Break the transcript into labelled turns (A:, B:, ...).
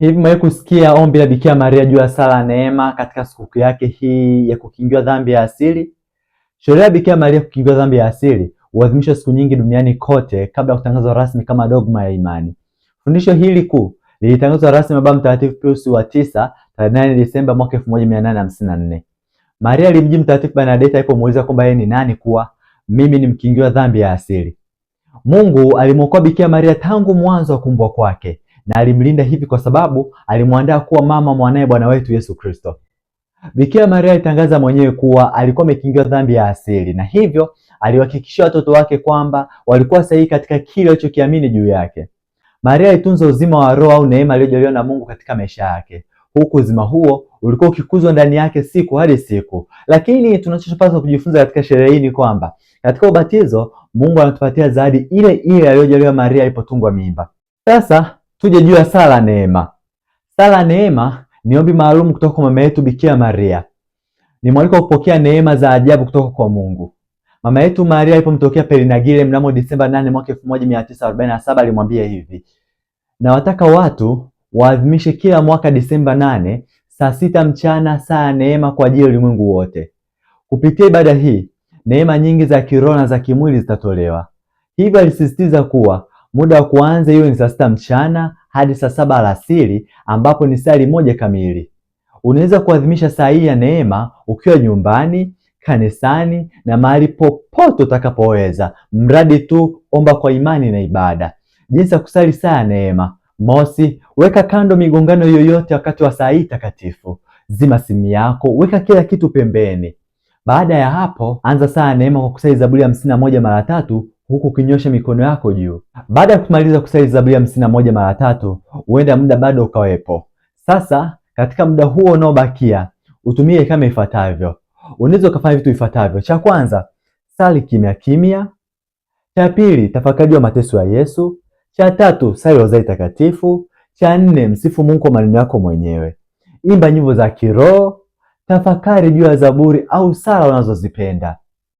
A: Hivi mwe kusikia ombi la Bikira Maria juu ya sala neema katika sikukuu yake hii ya kukingiwa dhambi ya asili? Sherehe ya Bikira Maria kukingiwa dhambi ya asili huadhimishwa siku nyingi duniani kote kabla ya kutangazwa rasmi kama dogma ya imani. Fundisho hili kuu lilitangazwa rasmi na Baba Mtakatifu Pius wa tisa tarehe 8 Desemba mwaka 1854. Maria alimjibu Mtakatifu Bernadette alipomuuliza kwamba yeye ni nani kuwa mimi ni mkingiwa dhambi ya asili. Mungu alimwokoa Bikira Maria tangu mwanzo wa kumbwa kwake na alimlinda hivi kwa sababu alimwandaa kuwa mama mwanaye Bwana wetu Yesu Kristo. Bikira Maria alitangaza mwenyewe kuwa alikuwa amekingiwa dhambi ya asili, na hivyo aliwahakikishia watoto wake kwamba walikuwa sahihi katika kile walichokiamini juu yake. Maria alitunza uzima wa roho au neema aliyojaliwa na Mungu katika maisha yake, huku uzima huo ulikuwa ukikuzwa ndani yake siku hadi siku. Lakini tunachopaswa kujifunza katika sherehe hii ni kwamba katika ubatizo Mungu anatupatia zawadi ile ile aliyojaliwa Maria alipotungwa mimba. Sasa Tuje juu ya sala neema. Sala neema ni ombi maalum kutoka kwa mama yetu Bikira Maria. Ni mwaliko wa kupokea neema za ajabu kutoka kwa Mungu. Mama yetu Maria alipomtokea Perinagile mnamo Disemba 8 mwaka 1947 alimwambia hivi: nawataka watu waadhimishe kila mwaka Disemba 8 saa sita mchana, saa ya neema kwa ajili ya ulimwengu wote. Kupitia ibada hii neema nyingi za kiroho na za kimwili zitatolewa. Hivyo alisisitiza kuwa Muda wa kuanza hiyo ni saa sita mchana hadi saa saba alasiri, ambapo ni sali moja kamili. Unaweza kuadhimisha saa hii ya neema ukiwa nyumbani, kanisani na mahali popote utakapoweza, mradi tu omba kwa imani na ibada. Jinsi ya kusali saa ya neema: mosi, weka kando migongano yoyote wakati wa saa hii takatifu. Zima simu yako, weka kila kitu pembeni. Baada ya hapo, anza saa ya neema kwa kusali Zaburi hamsini na moja mara tatu huku ukinyosha mikono yako juu. Baada ya kumaliza kusali Zaburi hamsini na moja mara tatu, huenda muda bado ukawepo. Sasa katika muda huo unaobakia utumie kama ifuatavyo. Unaweza ukafanya vitu ifuatavyo. Cha kwanza, sali kimya kimya. Cha pili, tafakari ya mateso ya Yesu. Cha tatu, sali Rozari Takatifu. Cha nne, msifu Mungu kwa maneno yako mwenyewe. Imba nyimbo za kiroho, tafakari juu ya Zaburi au sala unazozipenda.